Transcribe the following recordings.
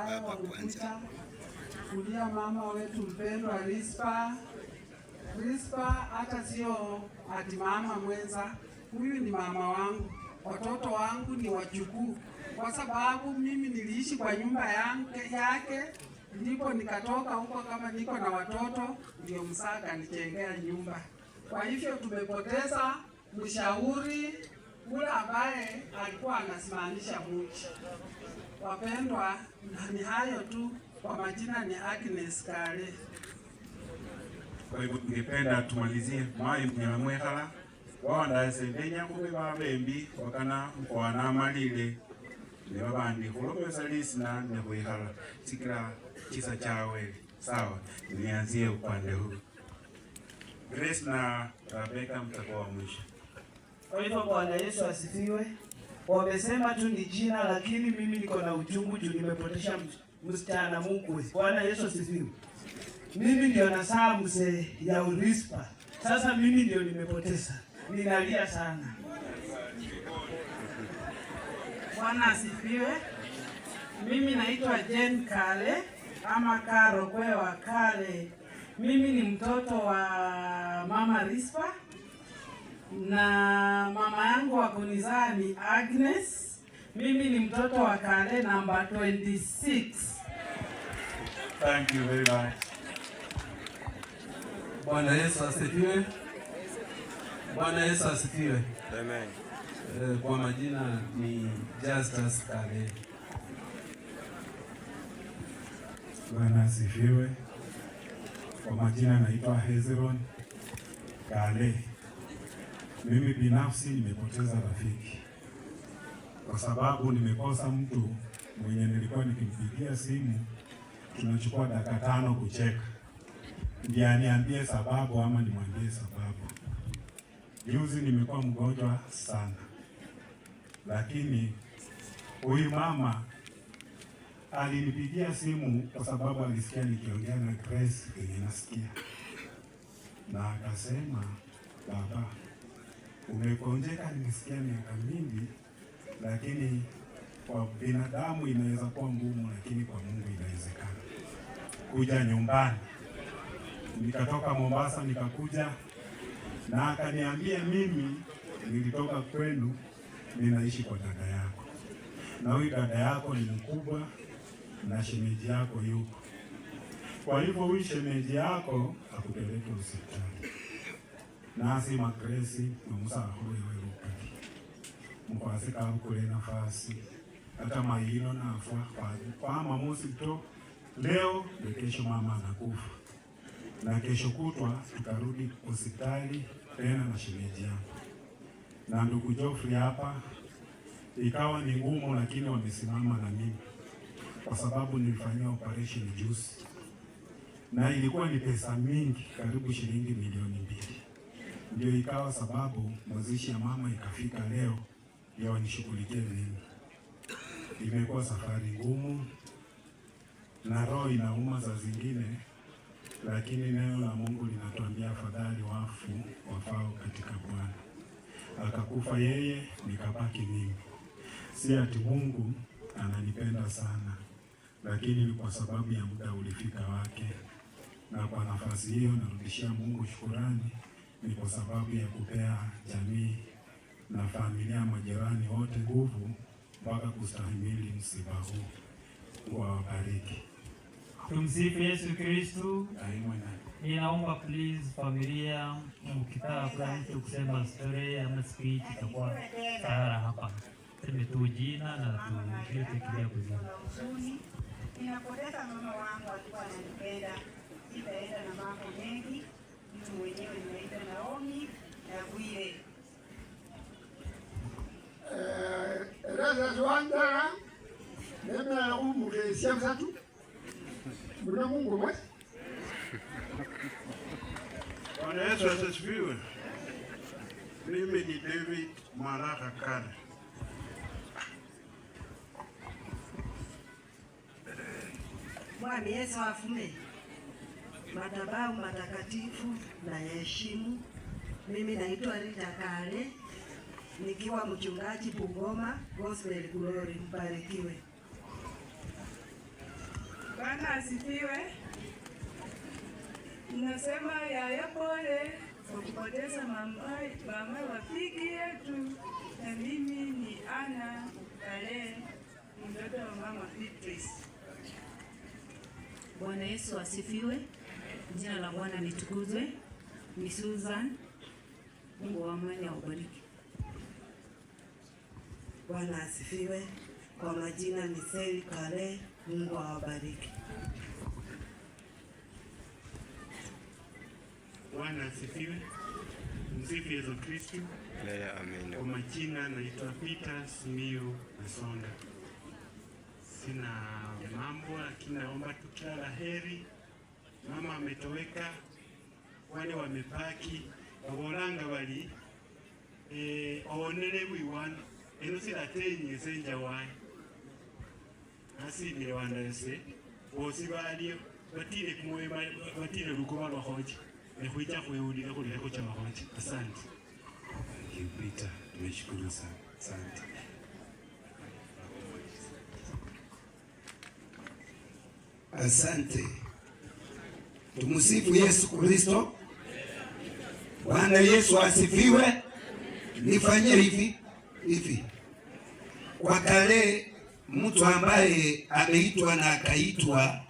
ambayo kulia mama wetu mpendwa Rispa. Rispa hata sio ati mama mwenza, huyu ni mama wangu, watoto wangu ni wajukuu, kwa sababu mimi niliishi kwa nyumba yangu yake ndipo nikatoka huko, kama niko na watoto ndio msaka nichengea nyumba. Kwa hivyo tumepoteza mshauri yule ambaye alikuwa anasimamisha muji. Wapendwa, ni hayo tu. Kwa majina ni Agnes Kale. Kwa hivyo tungependa tumalizie mai mnyamwekhala wawandaesendenya khuve vavembi wakana mkowana malile ne babandi khulomesa lisina ne khwikhala sikila chisa chawe sawa nianzie upande huu Grace na Rebecca mtakuwa mwisho kwa hivyo Bwana Yesu asifiwe. Wamesema tu ni jina, lakini mimi niko na uchungu juu nimepotesha msichana mkwe. Bwana Yesu asifiwe. Mimi ndio nasaa mzee ya Urispa. Sasa mimi ndio nimepoteza, ninalia sana. Bwana asifiwe. Mimi naitwa Jane Kale ama Karokwe wa Kale. Mimi ni mtoto wa mama Rispa na mama yangu akunizaa ni Agnes. Mimi ni mtoto wa kale namba 26. Thank you very much. Bwana Yesu asifiwe. Bwana Yesu asifiwe. Amen. Eh, kwa majina ni Justus Kale. Bwana asifiwe. Kwa majina naitwa Hezron Kale. Mimi binafsi nimepoteza rafiki kwa sababu nimekosa mtu mwenye nilikuwa nikimpigia simu tunachukua dakika tano kucheka, ndiye aniambie sababu ama nimwambie sababu. Juzi nimekuwa mgonjwa sana, lakini huyu mama alinipigia simu kwa sababu alisikia nikiongea na Grace kwenye nasikia, na akasema baba umekonjeka, nimesikia miaka mingi, lakini kwa binadamu inaweza kuwa ngumu, lakini kwa Mungu inawezekana. Kuja nyumbani, nikatoka Mombasa nikakuja, na akaniambia mimi nilitoka kwenu, ninaishi kwa dada yako, na huyu dada yako ni mkubwa na shemeji yako yuko. Kwa hivyo huyu shemeji yako akupeleke hospitali nasi magresi nomusakhuweweluka mukhwasi kavukula nafasi hata maino nafa kwama musito leo na mama anakufa na kesho kutwa tukarudi hospitali tena na shemeji yangu na ndugu Geoffrey hapa. Ikawa ni ngumu, lakini wamesimama na mimi kwa sababu nilifanyia operation juzi na ilikuwa ni pesa mingi, karibu shilingi milioni mbili ndio ikawa sababu mazishi ya mama ikafika leo ya wanishughulikie mimi. Imekuwa safari ngumu na roho inauma za zingine, lakini neno la Mungu linatuambia afadhali wafu wafao katika Bwana. Akakufa yeye, nikabaki mimi. Si ati Mungu ananipenda sana, lakini ni kwa sababu ya muda ulifika wake, na kwa nafasi hiyo narudishia Mungu shukurani ni kwa sababu ya kupea jamii na familia, majirani wote nguvu mpaka kustahimili msiba huu. Wawabariki. Tumsifu Yesu Kristu. Ninaomba please familia, ukitaka kwa mtu kusema story ama speech, itakuwa tahara hapa, seme tu jina na tutekilia kuzima. Ninapoteza mama wangu, alikuwa ananipenda, sitaenda na mambo mengi mtu mwenyewe naita Naomi na Bwire. razazi wandala nemera umukesya msatu muna Mungu mwe Bwana Yesu asifiwe. Mimi ni David Maraka Kane. Bwana Yesu afume. madhabahu matakatifu na heshima. Mimi naitwa Rita Kale nikiwa mchungaji Bungoma Gospel Glory. Mbarikiwe. Bwana asifiwe. Nasema yaya, pole kwa kupoteza mama, mama rafiki yetu, na mimi ni Ana Kale, mtoto wa mama Beatrice. Bwana Yesu asifiwe. Jina la Bwana litukuzwe. Ni Susan, Mungu wa amani awabariki. Bwana asifiwe. Kwa majina ni Seli Kale, Mungu awabariki. Bwana asifiwe. Msifu Yesu Kristo. Ee, amen. Kwa majina naitwa Peter Simiu Masonga. Sina mambo lakini naomba tukila la heri mama ametoweka, wale wamebaki wabolanga wali eh, owonele wiwana eno enosilatenyise njawaye nasimile wanayose bosi balio batile kumwe batile lukoba lwakhoje nekhwicha khwewulile cha chawakhoje asante Peter tumeshukuru sana asante asante Tumsifu Yesu Kristo. Bwana Yesu asifiwe. nifanye hivi hivi kwa kale, mtu ambaye ameitwa na akaitwa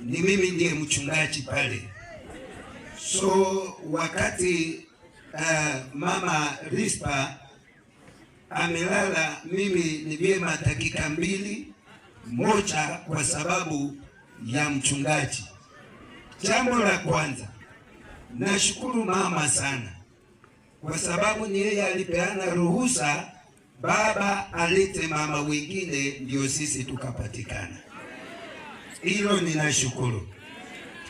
ni mimi, ndiye mchungaji pale. So wakati uh, mama Rispa amelala, mimi ni vyema dakika mbili moja kwa sababu ya mchungaji. Jambo la kwanza, nashukuru mama sana, kwa sababu ni yeye alipeana ruhusa baba alete mama wengine, ndio sisi tukapatikana. Hilo ninashukuru.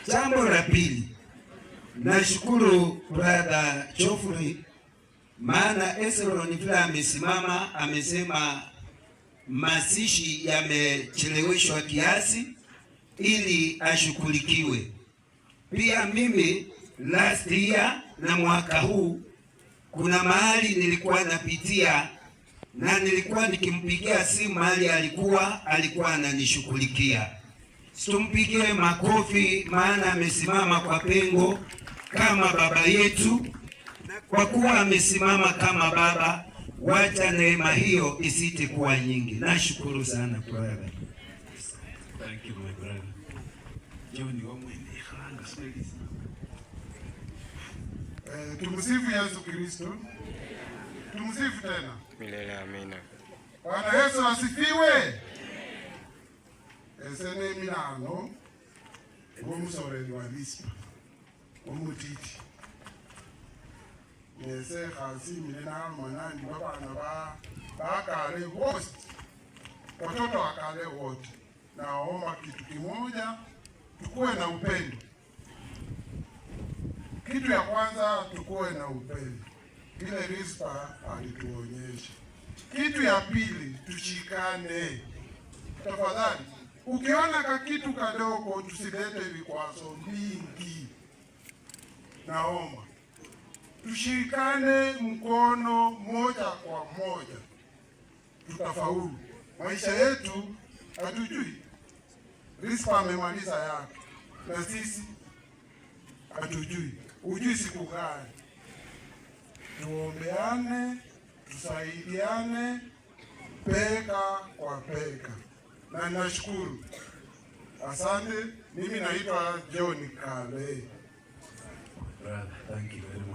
Jambo la pili, nashukuru brother Chofuri, maana Esron vile amesimama amesema mazishi yamecheleweshwa kiasi ili ashughulikiwe pia mimi last year na mwaka huu kuna mahali nilikuwa napitia na nilikuwa nikimpigia simu mahali alikuwa alikuwa ananishughulikia. Situmpigie makofi, maana amesimama kwa pengo kama baba yetu. Kwa kuwa amesimama kama baba, wacha neema hiyo isite kuwa nyingi. Nashukuru sana kwa Thank you my brother. John wa Eh, tumsifu Yesu Kristo. Tumsifu tena. Milele amina. Bwana Yesu asifiwe. Esene Milano ngomusoreli wa Vispa omutiti nese khasimile namonandi babana ba bakale wote watoto wakale wote naomba kitu kimoja tukuwe na upendo. Kitu ya kwanza tukuwe na upendo, ile Rispa alituonyesha. Kitu ya pili tushikane tafadhali. Ukiona ka kitu kadogo, tusilete vikwazo mingi, naomba tushikane mkono, moja kwa moja, tutafaulu. Maisha yetu hatujui. Rispa amemaliza yake, na sisi hatujui, hujui siku gani. Tuombeane, tusaidiane peka kwa peka, na nashukuru. Asante. Mimi naitwa John Kale. Brother, thank you very much.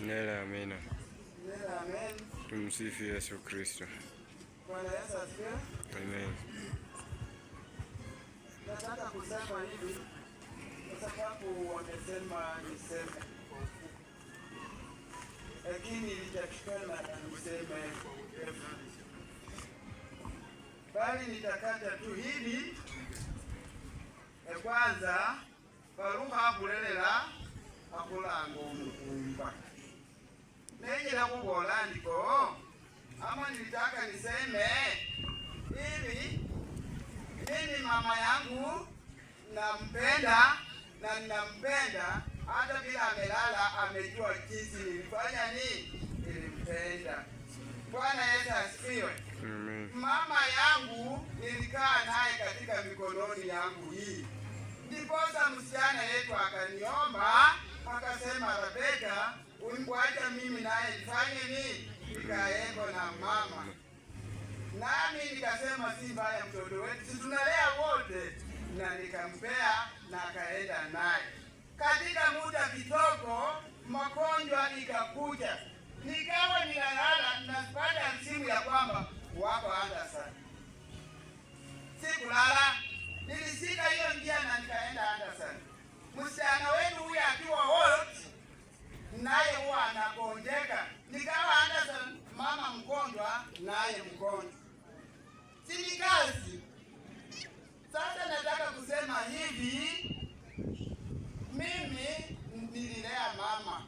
Milele amina. Tumsifu Yesu Kristo. Bwana Yesu asifiwe. Amen. Nataka kusema hivi kwa sababu wamesema niseme kwa ufupi, lakini nitakushukana niseme kwa urefu, bali nitakata tu hivi. ya kwanza kwa kulelela akulanga omukumba nenye nakubola ndiko ama nilitaka niseme hivi, mimi mama yangu nampenda na ninampenda hata bila amelala, amejua jinsi nilifanya nini, nilimpenda. Bwana Yesu asifiwe. Mama yangu nilikaa naye katika mikononi yangu hii, ndiposa msichana yetu akaniomba akasema Rebeka, unifuata mimi, naye nifanye nini? Nikaeko na mama nami nikasema si mbaya, mtoto wetu si tunalea wote, na nikampea na akaenda naye. Katika muda kidogo, magonjwa ikakuja, nikawa nilalala na baada simu ya kwamba wako sana Sikulala, nilisika hiyo njia na nikaenda sana msichana wenu huyu akiwa old naye huwa anagonjeka, nikawa hata mama mgonjwa naye mgonjwa, si kazi. Sasa nataka kusema hivi, mimi nililea mama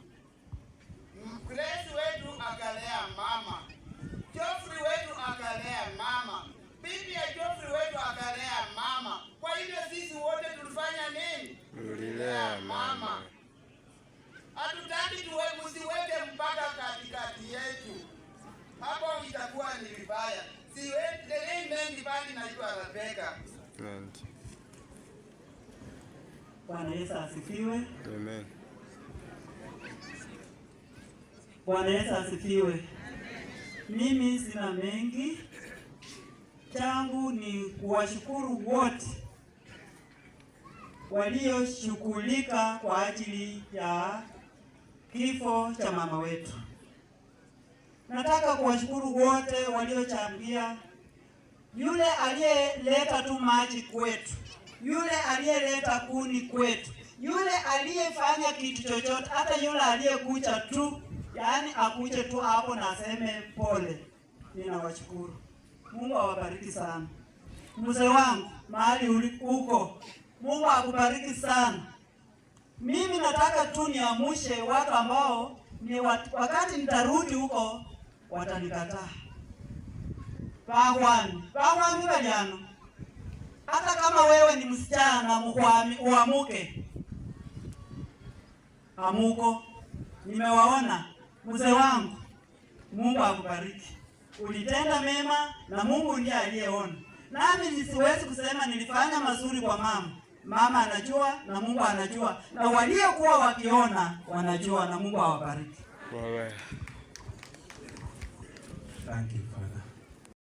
Grace wetu akalea mama Geoffrey wetu akalea mama bibi ya Geoffrey wetu akalea mama. Kwa hivyo sisi wote tulifanya nini? kunilea eh, mama. Hatutaki tuwe msiweke mpaka katikati yetu, hapo itakuwa ni vibaya. Bwana Yesu asifiwe. Amen. Bwana Yesu asifiwe. Mimi sina mengi, changu ni kuwashukuru wote walioshughulika kwa ajili ya kifo cha mama wetu. Nataka kuwashukuru wote waliochangia, yule aliyeleta tu maji kwetu, yule aliyeleta kuni kwetu, yule aliyefanya kitu chochote, hata yule aliyekucha tu, yaani akuche tu hapo na aseme pole. Ninawashukuru, Mungu awabariki sana. Mzee wangu mahali uko Mungu akubariki sana. Mimi nataka tu niamushe watu ambao ni wat, wakati nitarudi huko watanikataa bakwami bakwami valiano. Hata kama wewe ni msichana mkwami, uamuke amuko. Nimewaona mzee wangu, Mungu akubariki, ulitenda mema na Mungu ndiye aliyeona. Nami nisiwezi kusema nilifanya mazuri kwa mama mama anajua na Mungu anajua, na waliokuwa wakiona wanajua, na Mungu awabariki. Thank you.